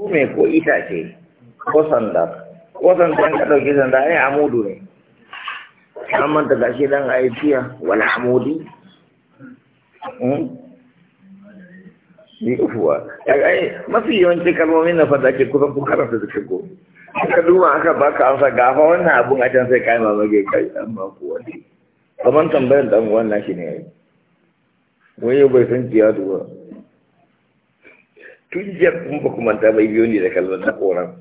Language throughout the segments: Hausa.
ko mai ko itace ko sanda ko sanda ka ɗauki sanda ai amudu ne amma da gashi dan a yi fiya wani amudi hmm? ni ai mafi yawanci kalmomin na fada ke kusan kun karanta da shigo ka duma aka baka amsa gafa wannan abun a can sai kai mamage kai an ba ku wani kamar tambayar dan uwan nashi ne yayi wai bai san ciya ba. tun jiya kun ba kuma ta bai biyo ne da kallon na koran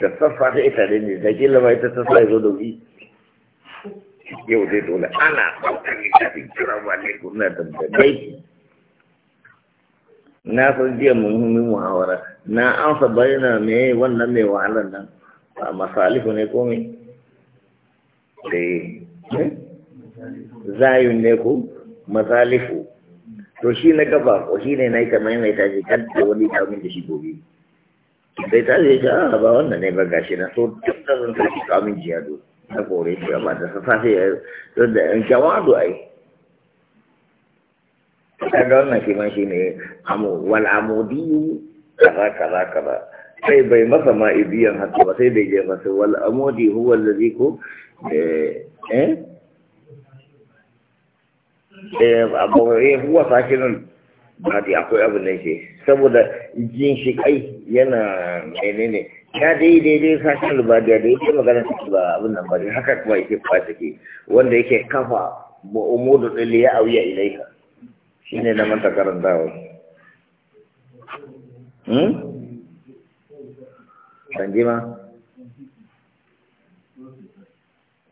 da sassa ta ita da ne da ke lama ita ta ya zo da wi yau zai dole ana saukan ne ta fi kira ba ne kuna da dai na san jiya muhimmin muhawara na amsa bayyana me wannan mai wahalar nan ba masalifu ne ko me da eh. hmm? zayin ne ko masalifu to shi na gaba ko shi ne na yi kamar mai tashi kan da wani kamun da shi gobe bai ta zai ce a ah, ba wannan ne ba gashi na so tun da zan tashi kamun do na kore shi amma da safa ya don da yan jawado ai ta ga wannan shi man shi ne amu wal amudi kaza kaza kaza sai bai masa ma ibiyan haka ba sai bai je masa wal amudi huwa allazi ko eh, eh? Eh, abubuwa huwa sakinan ba da akwai abin da ke saboda jin shi kai yana menene ya dai daidai sakin albadiya da yake magana take ba abin nan ba haka kuma yake kuma take wanda yake kafa ba umudu ɗin ya auya ilaika shi ne na manta karanta hmm? ban ji ma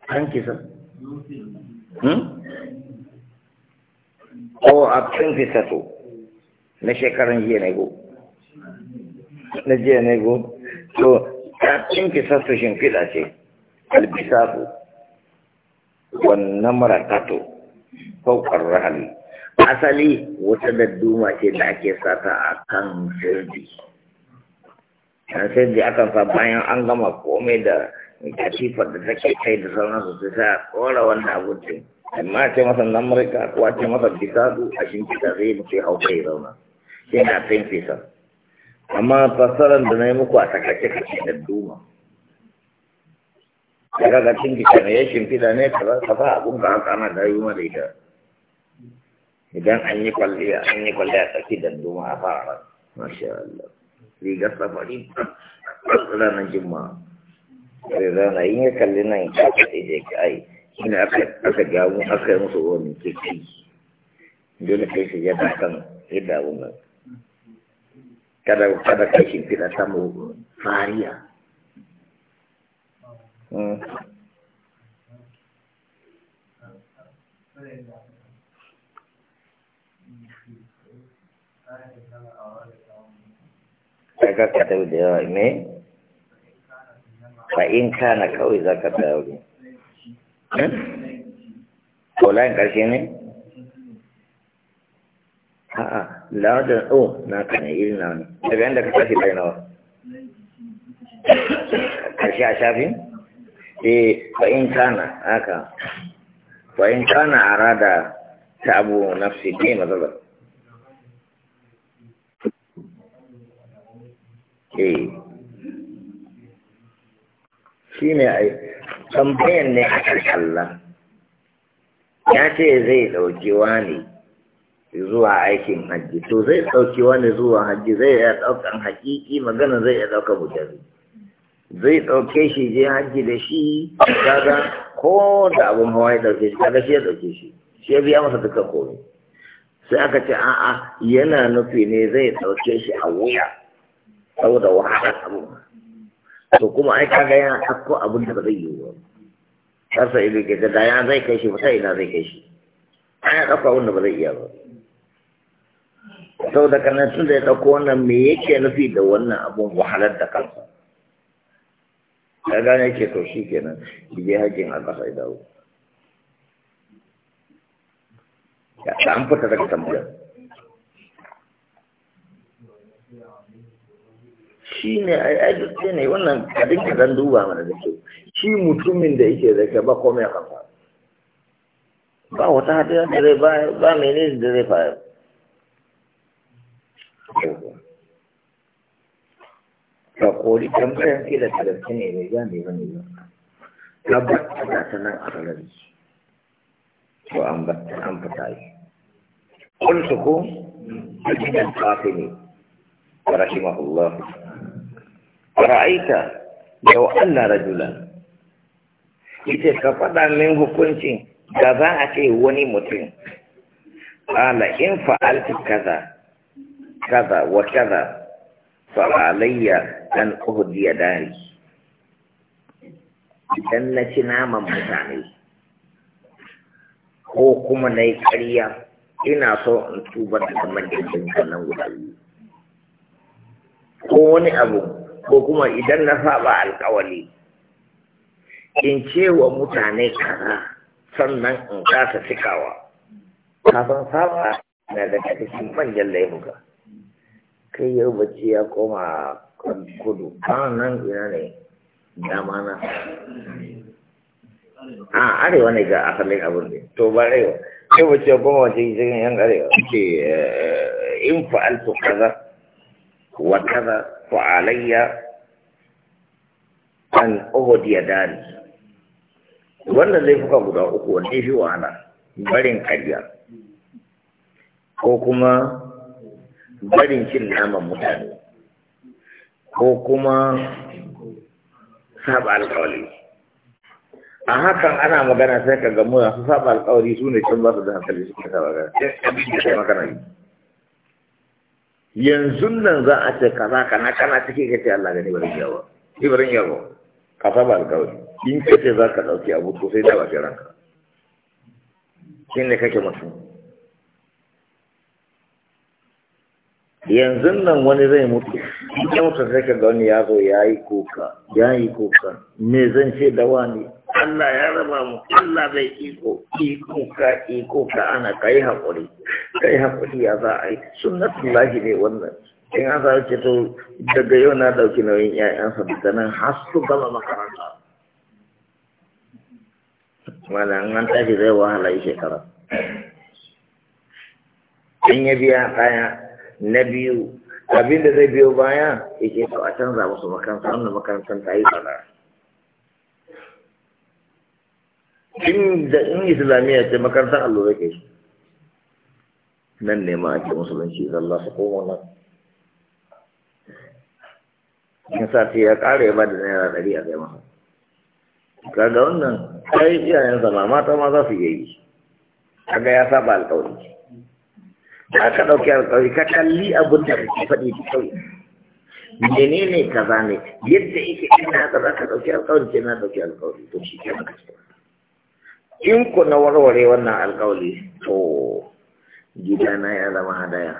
an kisa hmm? ko a cikin fitato na shekaran jiya na go na jiya na go to a cikin fitato fita ce albisatu wannan maratato faukar rahali asali wata dadduma ce da ake sata a kan sirdi kan sirdi akan sa bayan an gama komai da katifar da take kai da sauransu sai sa kora wannan abincin amma ce masa na amurka ko a ce masa bikadu a shi kika zai mutu hau kai zauna yana fin fisa amma fassarar da na yi muku a takace kace da duma ya kaga cin kika ne ya shimfiɗa ne ka fa abun ka haka ana dayu ma da ita idan an yi kwalliya an yi kwalliya tsaki da duma a fara masha Allah rigar safari ranar jimma sai zana yin ya kalli nan ya kaɗe je ki ai shine aka jawo aka yi musu wani keke dole kai shi yadda kan yadda abun nan kada kada kai shi fida fariya hmm. Kaga ka da yawa ne? Ba in kana kawai za ka Eh? ko layin ƙarshe ne a'a lawajen o oh, na kane irin na wani daga yadda ka tashi layin nawa ƙarshe a shafi? eh fa'in kana haka fa'in kana rada ta abu nafsi ne matsalar eh shi ne ai tambayan ne aka Allah? ya ce zai ɗauki wani zuwa aikin hajji to zai ɗauki wani zuwa hajji zai iya ɗaukan haƙiƙi magana zai iya ɗauka mujari zai ɗauke shi je hajji da shi kaga ko da abin hawa ya ɗauke shi kaga shi ya ɗauke shi shi ya biya masa duka komai sai aka ce a'a yana nufi ne zai ɗauke shi a wuya saboda wahalar abubuwa to kuma ai kaga yana ɗauko abin da ba zai yi ba sai ido ke da ya zai kai shi ba sai ina zai kai shi ai ya ɗauko abin da ba zai iya ba sau da kanan tun da ya ɗauko wannan me yake nufi da wannan abun wahalar da kansa kaga ne ke to shi kenan bige hakin albasa ya dawo ya an fita daga tambayar shi ne a yi ne wannan kadin ka zan duba mana da kyau shi mutumin da yake zaka ba komai kansa ba wata hadira da zai ba ba mene da zai fara ka kori tambayan da talafi ne mai gane ba ne ba ka batta da ta nan a kalari ko an batta an fita yi kun su ko a cikin kafin ne rahimahullah ra'aita yau Allah rajulan yace ka faɗa min hukuncin da za a ce wani mutum ala in fa'alti kaza kaza wa kaza fa alayya an uhdiya dari idan na ci naman mutane ko kuma na yi ƙarya ina so in tuba da kamar da wannan guda ko wani abu ko kuma idan na saba alkawali in cewa mutane kaza sannan in kasa cikawa kafin saba na daga cikin manjan laifuka kai yau bacci ya koma kudu a nan ina ne dama na a arewa ne ga asalin abin ne to ba arewa yau bacci ya koma wace cikin yan arewa ke eh, in fa'altu kaza wa kaza Wa alayya an ya dari wannan laifuka guda uku wanda shi wahala barin karya ko kuma barin cin naman mutane ko kuma saba alkawali a hakan ana magana sai ka gamu su saba alkawali su ne can ba su da hankali suke saba ga abin da shi magana yi yanzu nan za a ce kaza kana kana take ka ce Allah gani barin yawa ibarin yawa ka saba alkawari in ka ce za ka dauki abu to sai da ba ke ranka shi kake mutum yanzu nan wani zai mutu in ka mutu sai ka ga wani ya zo ya yi kuka ya yi kuka me zan ce da wani Allah ya raba mu Allah zai iko iko ka iko ka ana kai hakuri kai hakuri ya za a yi sunnatullahi ne wannan in an sa ce to daga yau na dauki nauyin ƴaƴansa daga nan har su gama makaranta malam an tashi zai wahala yi shekara in ya biya kaya na biyu abinda zai biyo baya yake to a canza musu makaranta wannan makarantar ta yi tsada in da in islamiyya ce makarantar allo yake shi nan ne ma ake musulunci zalla su koma nan in sati ya kare ba da naira ɗari a kai masa kaga wannan ai iyayen sama mata ma za su yi kaga ya saba alƙawari aka ɗauki alƙawari ka kalli abin da kake faɗi da kyau menene kaza ne yadda yake ina kaza ka ɗauki alƙawari ke na ɗauki alƙawari to shi ke maka in ku na warware wannan alkawali to na ya zama hadaya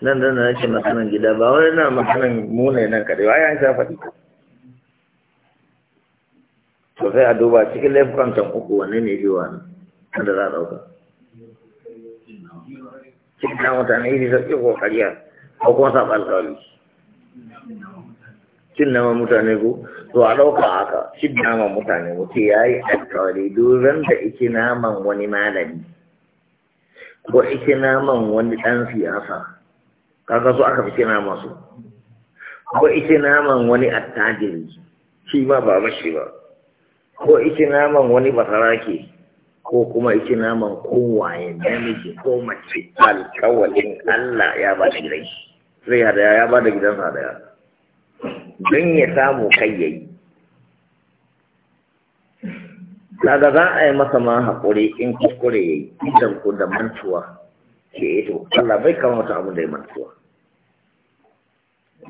nan da na ce masanan gida ba wani na masanan muna nan kaɗai ba ya sha faɗi to sai a duba cikin laifukan can uku wani ne shi nan da za a ɗauka cikin na mutane iri sauƙi ko kariya ko kuma saɓa alkawali cin naman mutane ko to a ɗauka haka cin naman mutane ko ce ya yi alkawari duran da ike naman wani malami ko ike naman wani ɗan siyasa kaga su aka fi kina masu ko ike naman wani attajiri shi ma ba mashi ba ko ike naman wani basarake ko kuma ike naman kowaye namiji ko mace alkawalin Allah ya ba da gidan shi zai hada ya ba da gidansa da ya don ya samu kai yayi daga za a yi masa ma haƙuri in kuskure ya yi idan ku da mantuwa ke yi to Allah bai kama wata abin da ya mantuwa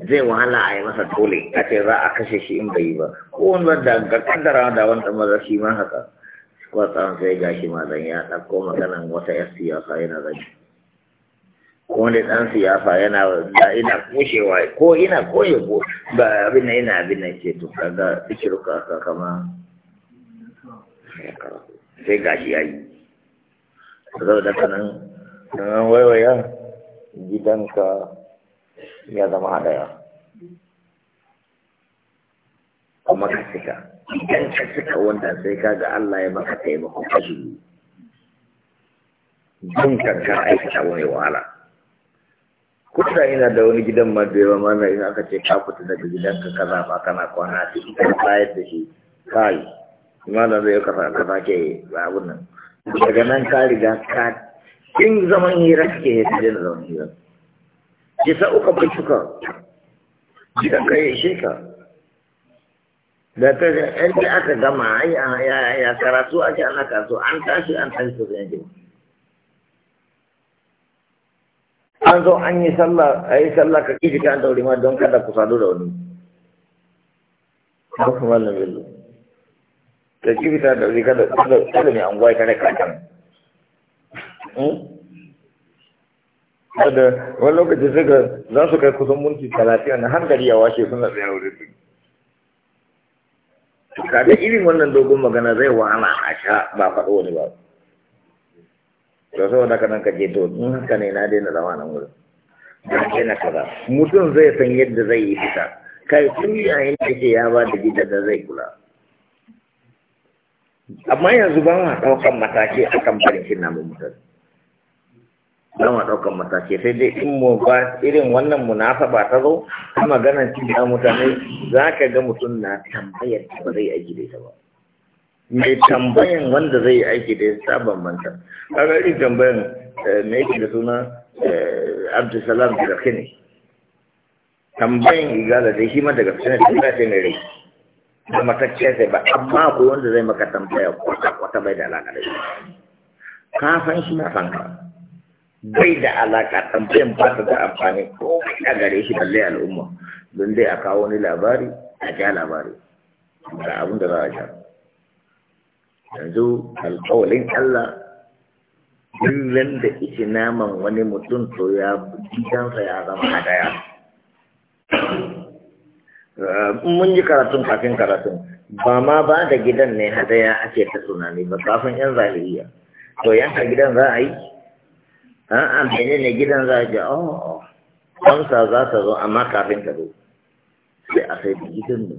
zai wahala a yi masa dole a ce za a kashe shi in bai yi ba ko wani wanda ga kaddara da wanda maza shi ma haka kwatsan sai gashi ma zan ya ɗauko maganan wata ya siyasa yana zai wani ɗan siyasa yana da ina kushewa ko ina koye ko ba abin nan ina abin nan ke to kaga fikir ka ka kama sai gashi yayi da kanan nan waiwaya gidanka ya zama hadaya kuma ka cika idan ka cika wanda sai kaga Allah ya maka taimako kashi don kanka aikata wani wahala kusa ina da wani gidan ma da yawa mana aka ce ka fita daga gidan ka kaza ba kana kwana ce ka bayar da shi kai imanin zai ka ka sake abun nan daga nan ka riga ka in zaman hira ke ya da jin zaman hira ki sa uka bai shuka gidan ka kai shi ka da ta ga aka gama ya karatu ake ana karatu an tashi an tashi sosai yanzu an zo an yi sallah a yi sallah ka ƙi an daure ma don kada ku sadu da wani ba ku mallam bello da ƙi fita da wuri kada kada mai anguwa ya kare kakan hmm? da wani lokaci suka za su kai kusan minti talatin na hankali gari ya washe suna tsaye wuri su kada irin wannan dogon magana zai wahala a sha ba faɗo wani ba to sau da kanan ka je to in haka ne na daina zama nan wurin na daina kaza mutum zai san yadda zai yi fita kai tun yayin da ke ya ba da gidan da zai kula amma yanzu ba ma ɗaukan mataki akan barin shi namun mutane ba ma ɗaukan mataki sai dai in mu ba irin wannan munasaba ta zo ta maganar cin mutane za ka ga mutum na tambayar ba zai aji da ita ba mai tambayan wanda zai yi aiki da ya saba manta kaga irin tambayan eh, mai yake da suna eh, abdulsalam da gaske ne tambayan igala da shi ma da gaske ne tambaya ce mai rai da matacce sai ba amma ko wanda zai maka tambaya kwata kwata bai da alaƙa da shi ka san shi na san ka bai da alaƙa tambayan ba ta da amfani ko a gare shi balle al'umma don dai a kawo wani labari a ja labari ga abin da za a sha yanzu alƙawalin Allah dillan da ishi naman wani mutum to ya gidansa ya zama hadaya mun yi karatun kafin karatun ba ma ba da gidan ne hadaya ake ta tunani ba kafin yan zahiriya to yanka gidan za a yi an amfani ne gidan za a ji oh, oh amsa za ta zo amma kafin ta zo sai a sai gidan ne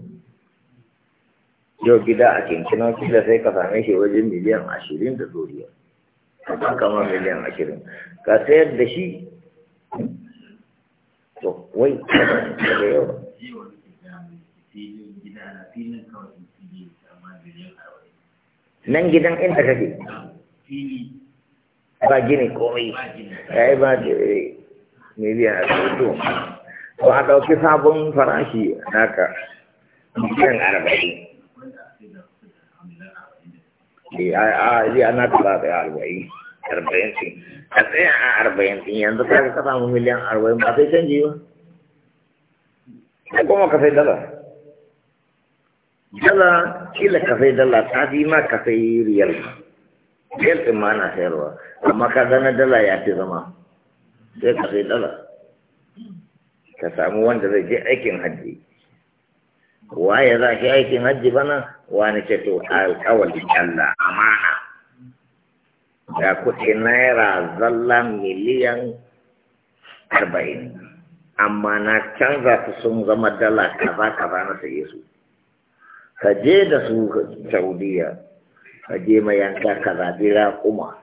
yau gida a kinkinan kila sai ka same shi wajen miliyan ashirin da zuriya kasan kama miliyan ashirin ka sayar da shi to wai daga yau nan gidan inda kake ba gini komai ya yi ba eh, miliyan ashirin to a ɗauki sabon farashi naka miliyan arba'in a ah, ah, ji ana tara da arba'in arba'in din ka tsaya a arba'in din yanzu ah, ka ka samu miliyan arba'in ba sai canji ba kuma ka sai dala dala kila ka sai dala ta fi ma ka sai riyal riyal din ma na sayarwa amma ka zana dala ya fi zama sai ka sai dala ka samu wanda zai je aikin hajji waye za ki aikin hajji bana wani ce to alƙawalin Allah amana da kuɗi naira zalla miliyan arba'in amma na canza su sun zama dala kaza kaza na saye su ka je da su saudiya ka je mai yanka kaza bira kuma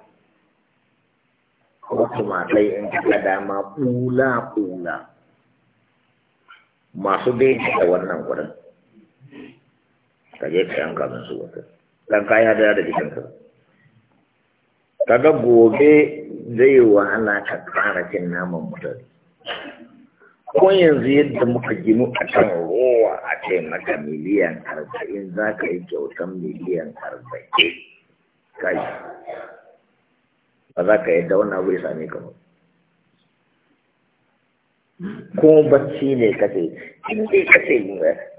wasu matai in ka dama kula kula masu daidai da wannan gurin ka je ka yanka su wata dan ka ya da jikinka kaga gobe zai wahala ka kara cin naman mutane ko yanzu yadda muka ginu a kan rowa a ce maka miliyan arba'in za ka yi kyautan miliyan arba'in kai ba za ka yadda wannan abu ya same ka ko bacci ne kace in dai kace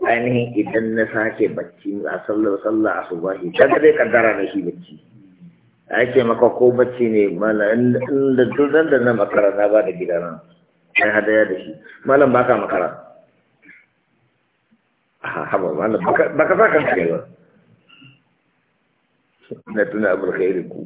ainihin idan na sake bacci a sallar sallah shi kaga dai kaddara ne shi bacci ake maka ko bacci ne mala in da dudan da na makara na ba da gidana ai hadaya da shi malam baka makara ha ha malam baka baka saka kai ba na tuna abul khairin ku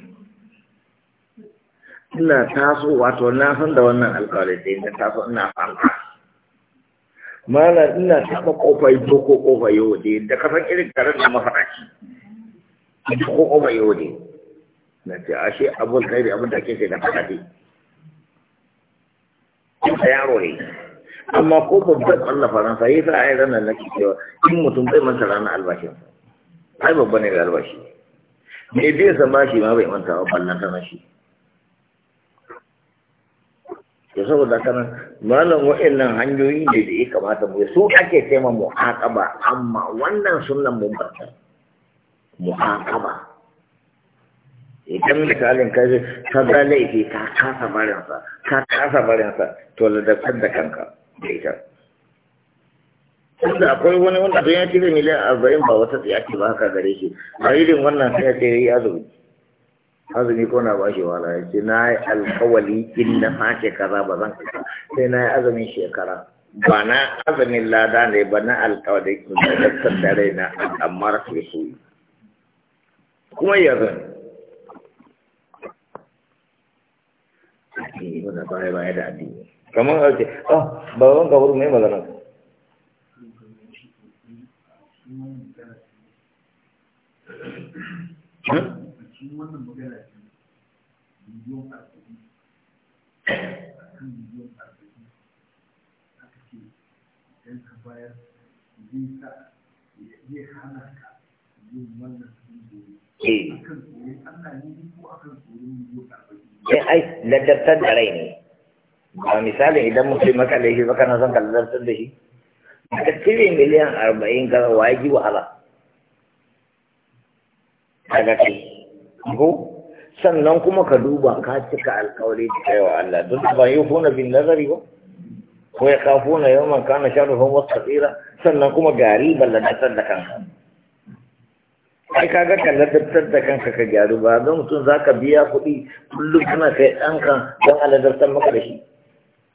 ina taso wato na san da wannan alƙawarin da ina taso ina fanka mana ina taɓa ƙofar ko ƙofar yau da da ka san irin garin da mafaraki ko ƙofar yau da na ce ashe abun kai da abun da ake da faɗaɗe da yaro ne amma ko babban ƙwallon faransa yi sa a yi ranar na cewa in mutum bai manta ranar albashinsa ai babba ne da albashi me bai san shi ma bai manta ba ballon na shi to saboda kanan malam wa'annan hanyoyi ne da ya kamata mu su ake tema muhaqaba amma wannan mu mun barka muhaqaba idan misalin ka ji ka ga laifi ka kasa barinsa ka kasa barinsa to ladabtar da kanka da ita tunda akwai wani wanda don ya cire miliyan arba'in ba wata tsaya ce ba haka gare shi a irin wannan sai ya ce ya zo azumi ko na bashi wala ya ce na yi alkawali in na sake kaza ba zan sai na yi azumin shekara ba na azumin lada ne ba na alkawali in da dattar da rai na amma rafi su kuma ya zan addini muna baya baya da addini kamar a ce oh ah, ba wanka huru mai magana Hmm? shi wannan magana ce miliyon arba'in a kan miliyon arba'in aka ce idan ka bayar zai sa zai hana ka yin wannan eh. akan tsoron Allah ne ko akan tsoron miliyon arba'in eh, ai ladabtar da rai ne ba misali idan mutum maka shi ba na son ka ladabtar da shi ka cire miliyan arba'in ka waji wahala kaga kai ko sannan kuma ka duba ka cika alkawari da kai wa Allah don ba yi funa bin nazari ba ko ya kafo na yau man kana sharuhun wasu tsira sannan kuma gari balla da kanka ai kaga kallar da kanka ka gyaru ba don mutum za ka biya kuɗi kullum kana kai ɗanka don aladartar maka da shi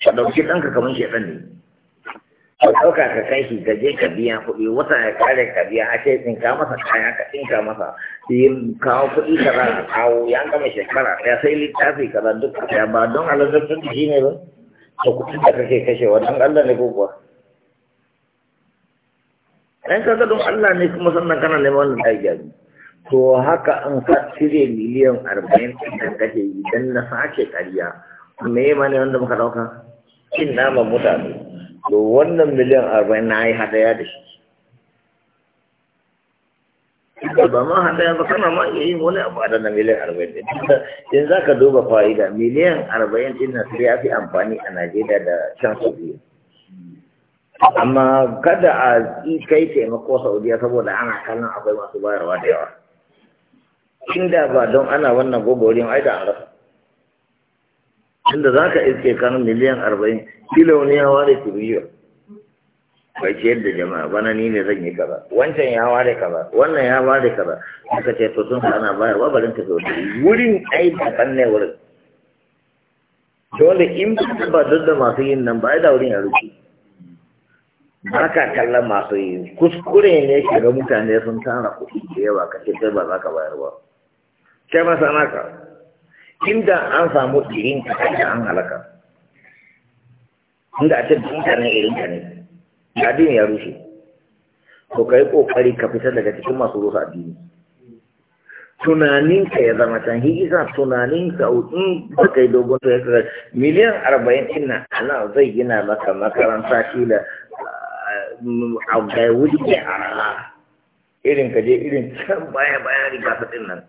ka ɗauki ɗanka kamar shi ɗan ne ka ɗauka ka kai shi ka je ka biya kuɗi wata ya kare ka biya a ce tsinka masa kaya ka tsinka masa yin kawo kuɗi ka za a kawo ya gama shekara ya sai littafi ka za duk ya ba don alazartar da shi ne ba To kuɗin da kake kashewa don Allah ne ko kuwa ɗan kaga don Allah ne kuma sannan kana neman wannan ɗaya gyaru to haka an ka cire miliyan arba'in da kake idan na sace ƙarya me ne wanda muka ɗauka cin nama mutane to wannan miliyan arba'in na yi hadaya da shi ba ma hadaya ba kana ma iya yin wani abu a dana miliyan arba'in ɗin in za ka duba fa'ida miliyan arba'in ɗin na sai ya fi amfani a najeriya da can saudiya amma kada a kai taimako saudiya saboda ana kallon akwai masu bayarwa da yawa inda ba don ana wannan gogorin ai da an rasa inda za ka iske kan miliyan arba'in kila wani ya ware biyu bai ciyar da jama'a bana ni ne zan yi kaza wancan ya ware kaza wannan ya ware kaza aka ce to sun ana bayarwa barin ta zo wurin ai ba kan ne wurin dole in ba duk da masu yin nan ba ai da wurin ya rufe ba ka kallon masu yi kuskure ne shiga mutane sun tara kuɗi da yawa ka ce sai ba za ka bayar ba kai masana ka inda an samu irin ka kai an halaka inda a ce dinka ne irin ka ne addini ya rushe to kai kokari ka fita daga cikin masu rusa addini tunaninka ya zama can hi isa tunaninka in ba kai dogon to ya kaga miliyan arba'in ina ana zai gina maka makaranta shi da a ga a irin ka je irin can baya baya riga faɗin nan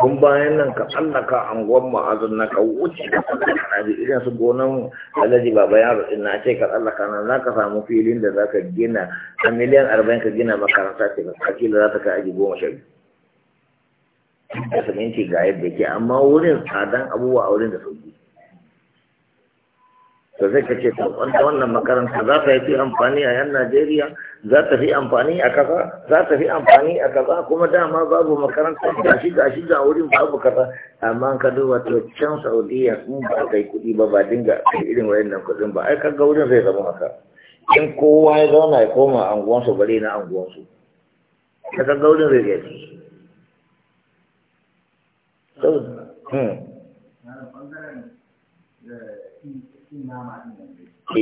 kun bayan nan ka tsallaka gwamma a na ka wuce ka tsallaka daji irin su gonan alhaji baba bayan din na ce ka tsallaka na za ka samu filin da za ka gina a miliyan arba'in ka gina makaranta ce ka kila za ta kai aji goma sha biyu da siminti ga yadda ke amma wurin tsadan abubuwa a wurin da sun da zai kace ce wanda wannan makaranta za ta fi amfani a yan Najeriya za ta fi amfani a kaza za ta fi amfani a kaza kuma dama babu makaranta da shi ga wurin babu kaza amma ka duba to can Saudiya in ba kai kuɗi ba ba dinga kai irin wayannan kuɗin ba ai kaga wurin zai zama haka in kowa ya zauna ya koma anguwansu bare na anguwansu ka kaga wurin zai hmm. gaji saboda eh, Eh. Eh.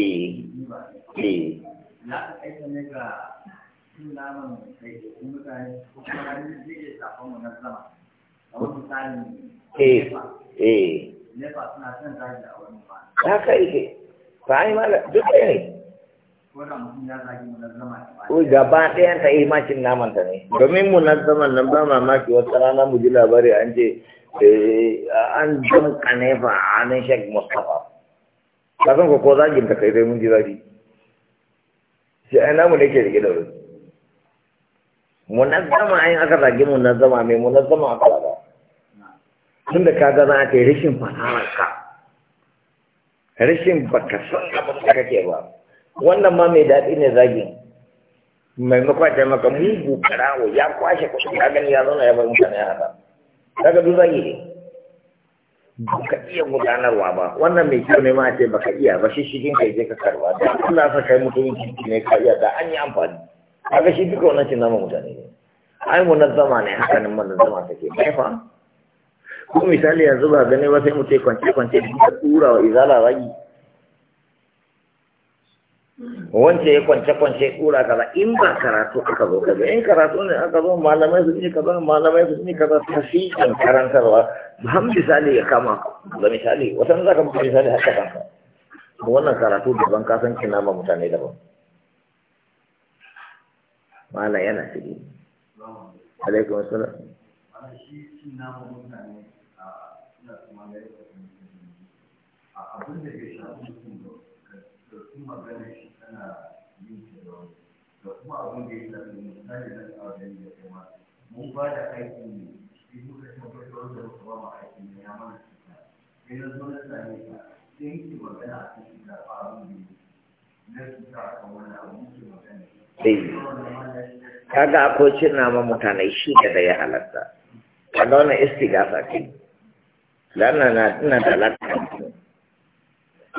Eh. Eh. Haka yake. Ba a mala duk ɗaya ne. Wai gaba ɗayan ta yi macin naman ne. Domin mu nan ba mamaki wata rana mu ji labari an ce eh, an jin kanefa a Sheikh Mustapha. ka san ko ko zagin ka kai dai mun ji zafi shi ai namu ne ke rike da wuri munazzama ai aka zagi munazzama mai munazzama aka zaga tunda ka ga za ka yi rashin fasahar ka rashin baka san abin da kake ba wannan ma mai daɗi ne zagin maimakon ta maka mugu karawo ya kwashe kuɗi ya gani ya zauna ya bar mutane ya haɗa daga duk zagi ne baka iya gudanarwa ba wannan mai kyau ne ma ce baka iya ba shi shi kai je ka karwa da Allah sa kai mutumin kirki ne ka iya da an yi amfani kaga shi duka wannan cin nama mutane ne ai zama ne haka nan zama take bai fa ko misali yanzu ba gane ba sai mu ce kwance kwance da tura wa izala ragi wance ya kwance-kwance kura kaza in ba karatu aka zo kaza in karatu ne aka zo malamai su ne kaza malamai su ne kaza ta fi kan karantarwa ban misali ya kama ga misali wata za ka ba misali haka kanka wannan karatu daban ka san kina ma mutane daban mala yana ciki alaikum assalam abin da ya shafi da magana da kuma abin da ya shafi misali nan a wajen da kuma mun ba da aiki ne shi muka tabbatar wanda muka ba mu aikin ne ya mana cuta sai na zo na same ka sai yake magana a cikin da ba abin da na cuta a kan wani abu muke magana kaga akwai cin nama mutane shi da ya halatta kaga wannan istigasa ce lana na ina da alaka da mutumin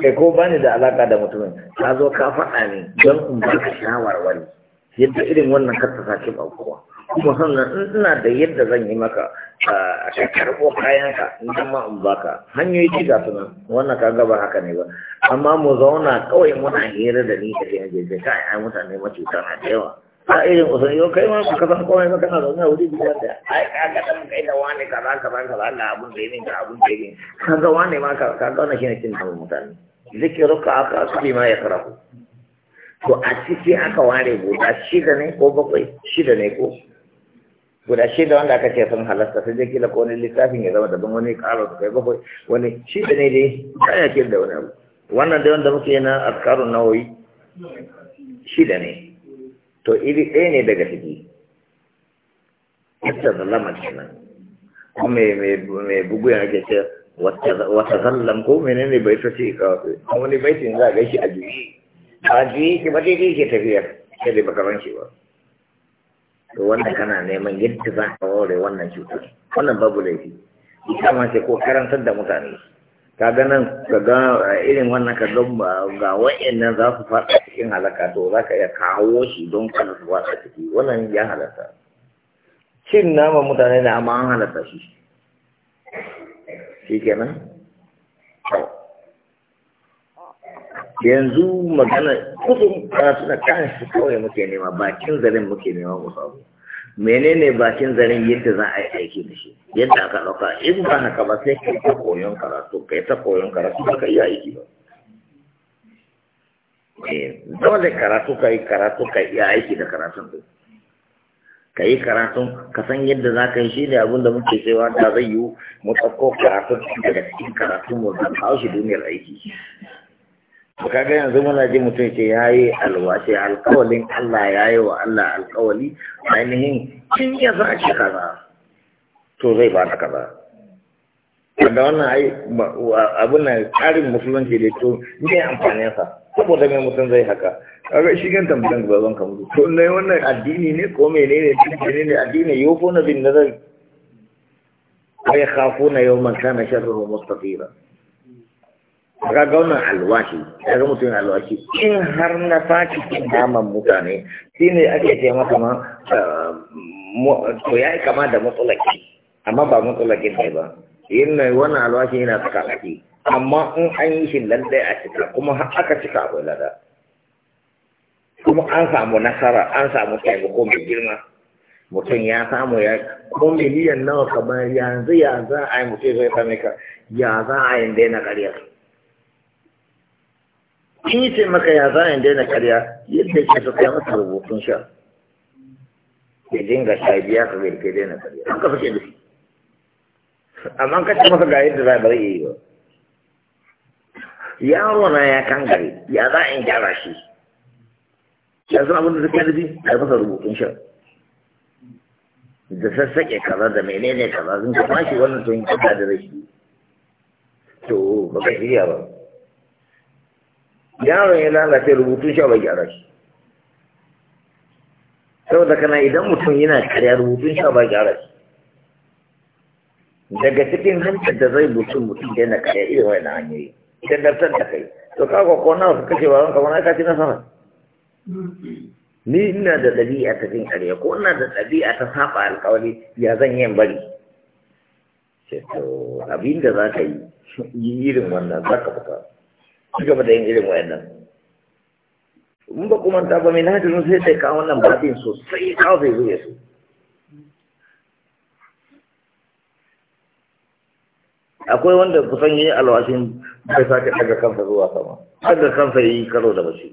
kai ko bani da alaka da mutumin ka zo ka faɗa ne don in ba ka shawarwari yadda irin wannan karta sake aukuwa kuma sannan ina da yadda zan yi maka a shakar ko kayanka idan ma in baka hanyoyi ci ga sunan wannan ka gaba haka ne ba amma mu zauna kawai muna hira da ni da ke yanzu kai ai mutane macuta na da yawa a irin usan yau kai ma ka san komai ba kana zaune a wuri guda da ai ka ga dan kai da wani kaza ka kaza Allah abun da yake abun da yake ka ga wani ma ka ga wannan shine cin mutane zikiruka aka bi ma karahu to a ciki aka ware guda shida ne ko bakwai shida ne ko guda shida wanda aka ce sun halasta sai dai kila ko wani littafin ya zama daban wani ƙara su kai bakwai wani shida ne dai ya ke da wani abu wannan dai wanda muke na askaru nawoyi shida ne to iri ɗaya ne daga ciki ita zalama kenan kuma mai bugu ya ke ce wata zallan ko menene bai ta ce kawai wani baitin za a gaishe a juyi Haji ji shi ba daidai ke tafiyar sai dai baka shi ba to wannan kana neman yadda za ka ware wannan cutar wannan babu laifi ita ma sai ko karantar da mutane ka ga nan ka ga irin wannan ka ga ga wa'annan za su faɗa cikin halaka to za ka iya kawo shi don kada su faɗa ciki wannan ya halatta cin nama mutane na amma an halatta shi shi kenan yanzu magana kudin karatuna kayan su kawai muke nema bakin zaren muke nema mu samu menene bakin zaren yadda za a yi aiki da shi yadda aka ɗauka in ba haka ba sai ka ta koyon karatu kai ta koyon karatu ba ka yi aiki ba eh, dole karatu ka yi karatu ka yi aiki da karatun ɗin ka yi karatu ka san yadda za ka yi shi ne abinda muke cewa da zai yiwu mu ɗauko karatu, daga cikin karatu mu zan kawo shi duniyar aiki to kaga yanzu muna ji mutum ce ya yi alwashi alkawalin Allah ya yi wa Allah alkawali ainihin kin ya za ki kaza to zai ba kaza wanda wannan ai abin nan tsarin musulunci da to ne amfanin sa saboda mai mutum zai haka kaga shi kan tambayan gaba zan kamu to ne wannan addini ne ko menene ne ne addini ko na bin nazari wa yakhafuna yawman kana sharruhu mustatira ga wannan alwashi ya ga mutum alwashi in har na faci cin naman mutane shi ne ake ce masa ma eh, to ya yi kama da matsalaki amma ba matsalakin ne ba yin na wannan alwashi yana tsakalaki amma in an yi shi lallai a cika kuma aka cika akwai lada kuma an samu nasara an samu taimako mai girma mutum ya samu ya ko miliyan nawa kamar yanzu ya za a yi mutum zai sami ka ya za a yi daina ƙaryar in yi ce maka ya za in daina karya yadda ke su kai masa rubutun sha ya dinga sha biya ka bai ke daina karya an ka fice da amma ka ce maka ga yadda za bar iya yi ba yaro na ya kan gari ya za in gyara shi ya zama abin da suke nufi a yi masa rubutun sha da sassaƙe kaza da menene kaza sun kama shi wannan tun kada da rashi to ba ka shirya ba yaron ya lalace rubutun shi bai gyara shi saboda kana idan mutum yana karya rubutun shi bai gyara shi daga cikin hancin da zai mutum mutum da yana karya irin wani hanyoyi idan daftar da kai to ga ko nawa ka kashe baban ka wani kaci sama ni ina da ɗabi'a ta jin karya ko ina da ɗabi'a ta saba alƙawari ya zan yin bari sai to abinda za ka yi yi irin wannan za ka fita ci gaba da yin irin wayannan in ba kuma ta ba mai kawan sai ta kawo wannan babin sosai kawo zai zuwa su akwai wanda kusan yi alwashin bai sake daga kansa zuwa sama daga kansa yi karo da bashi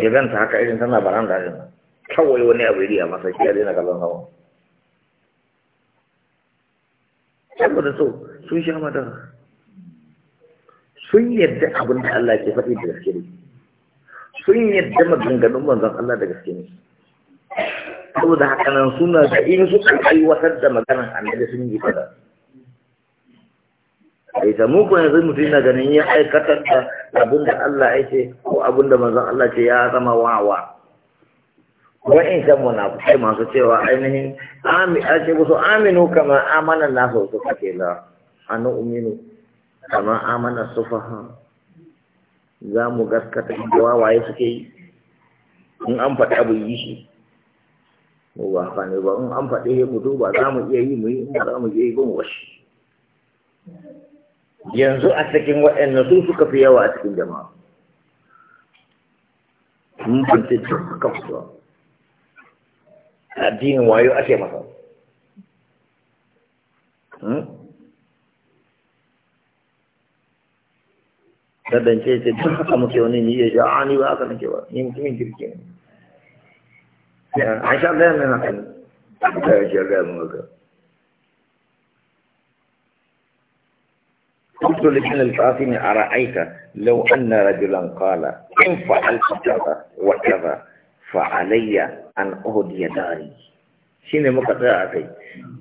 ya ganta haka irin barang baranda Kau yang wani abu ya masa kita ya nak kallon hawa saboda so sun amat madara sun yadda abin da Allah ke faɗi da gaske ne sun yadda maganganun manzon Allah da gaske ne saboda haka nan suna da in su suka aiwatar da maganar annabi sun yi fada bai samu ko yanzu mutum na ganin ya aikatar da abin da Allah ya ce ko abin da manzon Allah ce ya zama wawa in san munafukai masu cewa ainihin ami a ce musu aminu kama amanan nasu su kake la anu uminu kama amana sufaha za mu gaskata da wawaye suke yi in an faɗi abu yi shi mu ba ka ne ba in an faɗi ya mutu ba za mu iya yi mu yi in ba za mu iya yi gun washi yanzu a cikin waɗannan su suka fi yawa a cikin jama'a mun bance duk suka fito addinin wayo ake masa hmm? kadan ce ce duk haka muke wani ni ya ja ni ba haka nake ba ni mutumin kirki ne an sha gaya mai haka ne da ya sha gaya mai haka قلت لابن القاسم أرأيت لو أن رجلا قال إن فعلت كذا وكذا فعلي أن أهدي داري shi ne muka tsaya a kai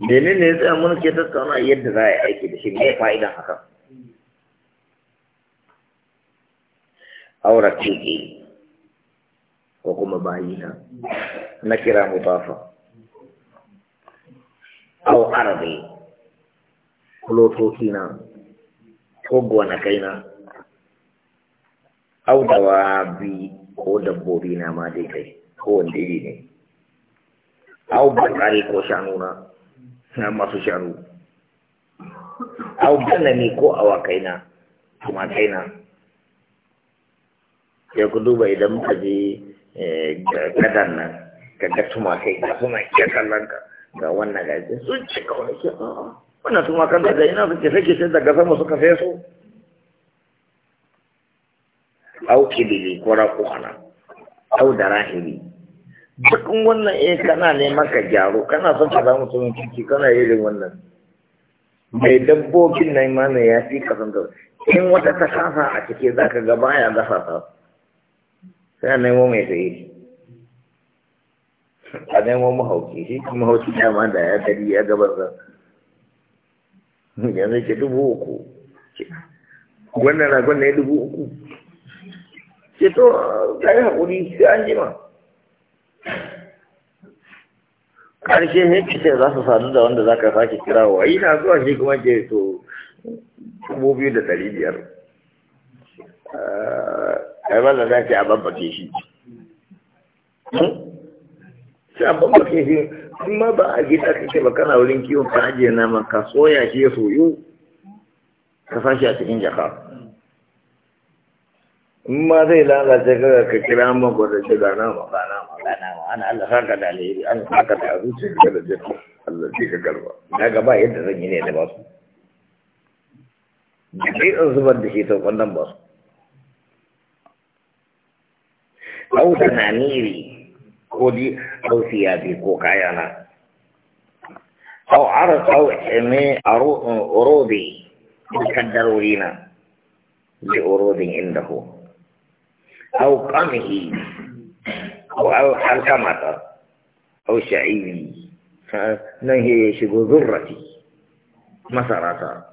menene ya tsaya mun ke tattauna yadda za a yi aiki da shi me fa'idan haka aura ciki ko kuma bayina na kira mutafa au arabi kulotokina ko gonakaina au dawabi ko dabbobi na ma dai kai ko wanda yi ne au bakari ko shanu na na masu shanu au ganami ko awa awakaina kuma kaina sai ku duba idan muka je eh, gadan nan ka ga tumakai ga kuma iya kallon ka ga wannan gaji sun ce ka wani ke a'a wannan tumakan daga ina ke sake sai daga sama suka feso au kibili ko raƙuwana au da rahimi duk wannan eh kana neman ka gyaro kana son ka zama mutumin kirki kana irin wannan mai dabbobin na ma ya fi kasan da in wata ta kasa a cike za ka gaba baya gasa ta sai ya nemo mai tsaye a nemo mahauki shi kuma mahauki dama da ya dari ya gabar yanzu ce dubu uku wannan ragon ne dubu uku ce to ta yi haƙuri sai an jima ƙarshe ne ke ce za su sadu da wanda za ka sake kirawa yi na zuwa shi kuma ke to dubu biyu da ɗari biyar ah, ai wanda za a babbake shi sai hmm? a babbake shi amma ba a gida kake ba kana wurin kiwon ka ajiye nama ka soya shi ya soyu ka shi a cikin jaka in ma zai lalace kaga ka kira ma gwada ce ga nama ga nama ga nama ana Allah sa ka dalili an sa ka da zuciya ka da jiki Allah ce ka garba na gaba yadda zan yi ne da ba su da zubar da shi ta wannan ba su au na namiri ko di au siyabi ko kayana au ar au me aru urudi kaddarurina li urudin indahu au qamihi au au halkamata au sha'ibi nan ya shigo zurrati masarata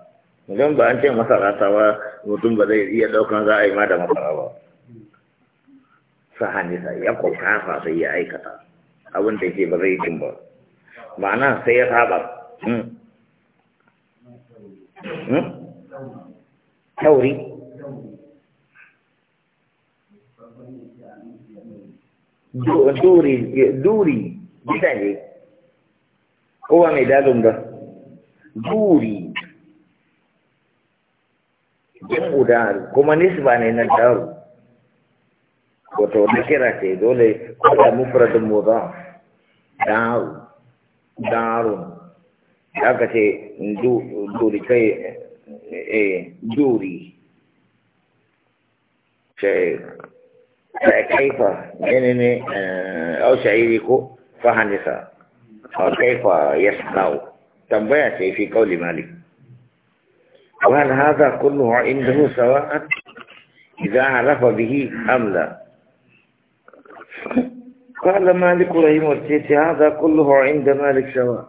idan ba an ce masarata ba mutum ba zai iya daukan za a yi ma da masara ba sahanisa ya kwafafa sai ya aikata abin da ke ba zai jin ba ma'ana sai ya saba hmm. Hmm? tauri duri gida ne kowa mai dalin ba duri jin guda kuma nisba ne na daru په ټوله کې راکې دولې کله مفرد مضاف داو دارو دا کته دو دوی کې ا دوی چې کیفا نه نه او شعیر کو فهندسا او کیفا یس نو تمبه چې فی کو دی مالی وهل هذا كله عنده سواء اذا عرف به ام لا قال مالك رحيم وتيتي هذا كله عند مالك سواء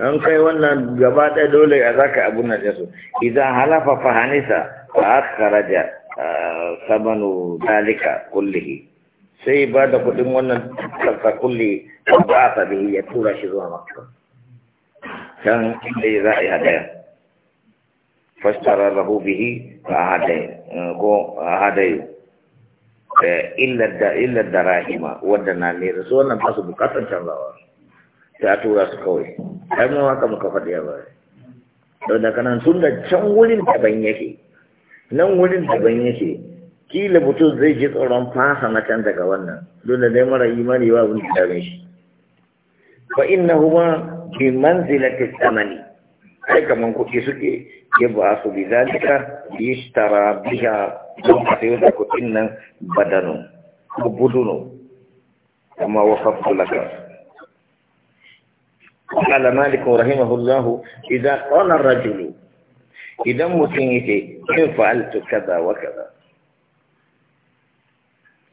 ان كاي وانا جبات دولي ازاك ابو نجس اذا حلف فهنسا فاخرج آه، ثمن ذلك كله سي بعد قدم وانا تلقى كل ضعف به يطول شذوى مكة كان لي رأي هذا فاشترى له به فأهدي آه، أهدي أهدي Eh, illar da rahima wadda na nera su wannan ba su bukatar canzawa ta tura su kawai ai haka muka faɗi ba don da kanan tun da can wurin daban yake nan wurin daban yake kila mutum zai ji tsoron fasa na can daga wannan don da dai mara imani wa wani da shi fa inna huma bi manzilati tsamani ai kaman kuɗi suke ke ba su bi zalika tara biya don masu yi da kuɗin nan badanu ko budunu amma wasaftu laka قال idan رحمه الله إذا قال الرجل إذا متنيت إن فعلت كذا وكذا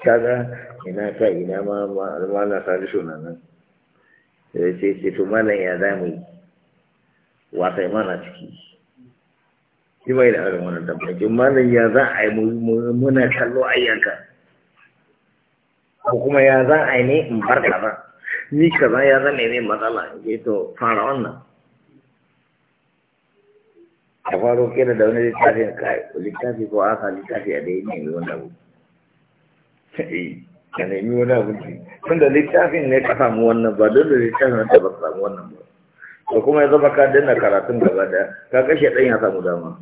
كذا إنا ina ما ما ما نخرجنا من sai ce to malam ya za yi wasai mana ciki shi bai da irin wannan tabbacin malam ya za a yi muna kallo ayyanka ko kuma ya za a yi ne in bar kaza ni kaza ya zama mai matsala ya to fara wannan da faro kira da wani littafi a kai littafi ko aka littafi a dai ne wanda abu ka nemi wani abu ne tunda littafin ne ka samu wannan ba dole littafin ta ba samu wannan ba ko kuma ya zama ka daina karatun gaba da ka kashe ɗan ya samu dama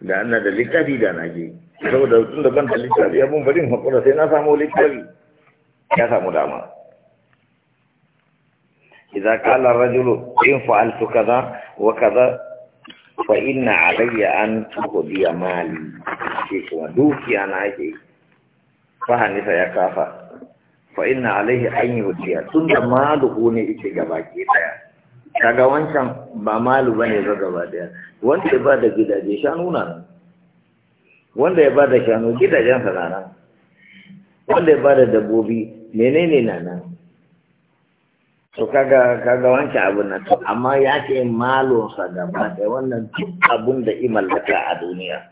da ana da littafi da na je saboda tun da ban da littafi abun barin hakura sai na samu littafi ya samu dama idza qala ar-rajulu in fa'altu kaza wa kaza fa inna alayya an tuhdiya mali shi kuma dukiya na ke fahimta ya kafa fa inna alayhi an yudiya tun da malu ne yake gabaki daya kaga wancan ba malu ba ne ba gaba daya wanda ya ba da gidaje shanu na nan wanda ya ba da shanu gidajen na nan wanda ya ba da dabbobi menene na nan to kaga kaga wancan abun nan amma ya ce malonsa gaba daya wannan duk abun da mallaka a duniya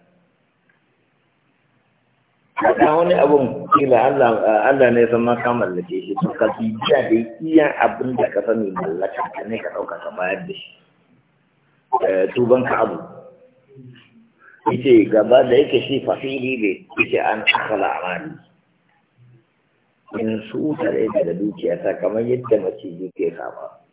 kaga wani abin kila Allah ne san ma ka mallake shi to ka biya da iya abin da ka sani mallaka ka ne ka ɗauka ka bayar da shi tuban eh, ka abu Ita gaba da yake shi fasili ne ita an akala amali in su tare da dukiya ta kamar yadda mace ke kama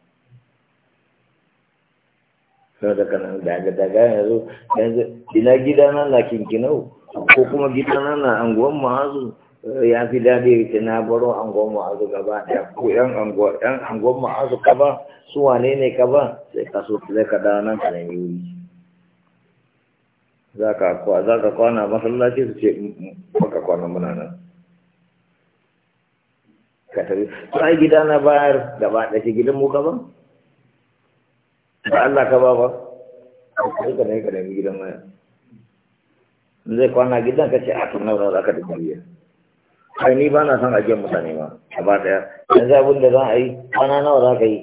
saboda kana daga daga yanzu yanzu ina gidana na kinkinau ko kuma gidana na anguwan ma'azu eh, ya fi daɗi ta na baro anguwan ma'azu gaba ɗaya ko yan anguwan ma'azu ka kaba su wane ne kaba sai ka so sai ka dawo nan ka nemi wuri za ka kwana masallaci su ce maka mm, mm, kwana muna nan ka tafi to ai gidana bayar gaba da shi gidan mu kaba? ba Allah ka ba ba sai ka ne ka ne gidan waya in zai kwana gidan ka ce a ah, tun nan za ka da biyar ai ni ba na son ajiyar mutane ma a ba daya yanzu abin da za a yi kwana nawa za ka yi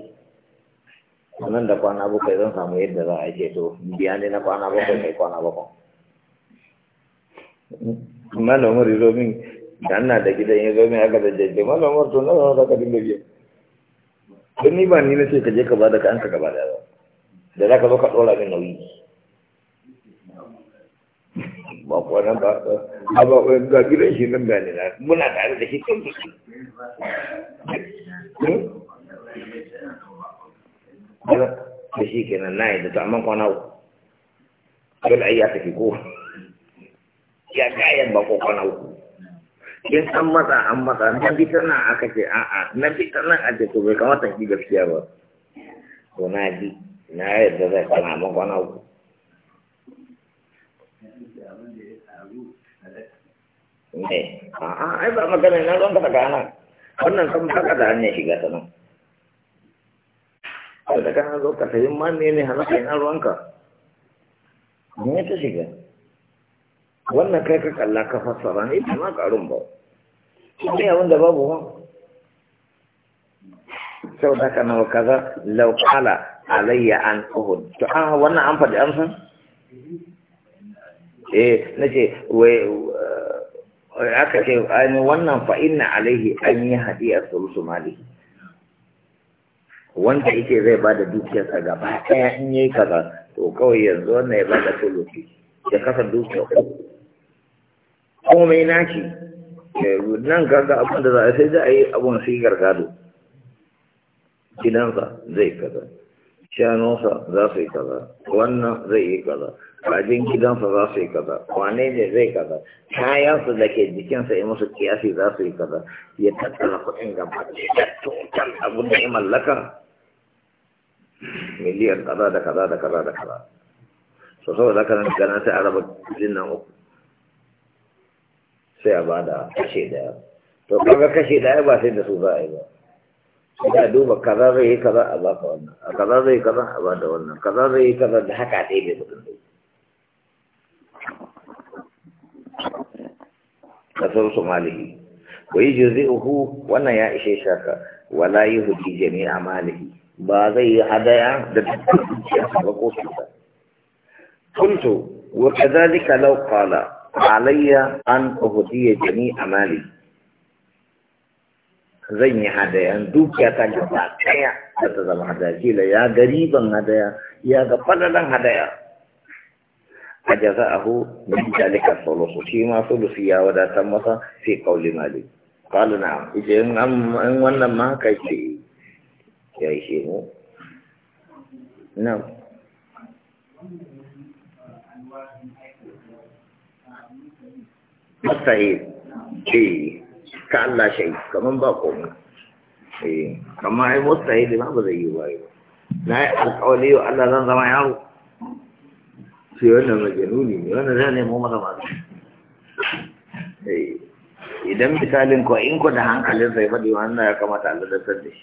nan da kwana bakwai zan samu yadda za a yi to biya ne na kwana bakwai kai kwana bakwai malamin rizomin da ana da gidan ya zo mai aka da jajjai malamin to na zama za ka dinga biya don ni ba ni na ce ka je ka ba da ka an ka gaba da ba da za ka zo ka ɗora min nauyi ba kuwa nan ba a ba kuwa ga gidan shi nan gani na muna tare da shi kan hmm? shi da shi kenan na yadda ta amman kwana uku dole ai ya tafi ko ya kayan ba ko kwana uku in an matsa an matsa na bi nan aka ce a'a na bi ta nan a ce to bai kamata ki gaskiya ba to na ji na yadda zai kwana mun kwana uku ne a ai ba magana na ruwan ka daga nan wannan sun baka da hanyar shiga ta nan sai daga nan zo ka sayi ma ne ne halaka ina ruwanka ne ta shiga wannan kai ka kalla ka fassara ne ba ma karun ba ne abin da babu ba sau da kana kaza laukala alayya an uhud to ah wannan an faɗi amsa eh nace wai eh, aka ce ai wannan fa inna alaihi an yi a sulusu mali. wanda yake zai ba da dukiyarsa gaba ɗaya in yi kaza to kawai yanzu wannan ya ba da sulusi ya kasa dukiyar komai naci eh, nan kaga abin da za a sai za a yi abun sai gargado gidansa zai kaza shanunsa za su yi kaza wannan zai yi kaza rajin gidansa za su yi kaza wane ne zai kaza kayansa da ke jikinsa ya musu kiyasi za su yi kaza ya tattala kuɗin gaba da total abin da ya mallaka miliyan kaza da kaza da kaza da kaza so saboda haka nan gana sai a raba jin nan uku sai a bada kashe daya to kaga kashe daya ba sai da su za a yi ba ina duba kaza zai yi kaza a baka wannan a kaza zai yi kaza a bada wannan kaza zai yi kaza da haka ɗaya ne mutum ɗaya kasar Somali, malihi wa yi jirzi uku wannan ya ishe shaka wala yi hudi jami'a malihi ba zai yi hadaya da dukkan dukiya ba ko su ba kuntu wa kadhalika law qala alayya an uhdiya jami'a malihi zan yi hadayan dukiya ta gaba ɗaya da ta zama hadaya kila ya ga riban hadaya ya ga fadalan hadaya a jaza'ahu min dalika sulusu shi ma sulusu ya wadatar masa fi qauli malik qala na'am ije in wannan ma haka ce ya ishe mu na'am mustahil eh ka Allah shai kaman ba komai eh amma ai mutai ma ba zai yi ba na yi alƙawali wa Allah zan zama yaro sai wannan majanuni ne wannan zai nemo masa masu eh, idan misalin ko in ko da hankalin sai faɗi wannan ya kamata Allah da shi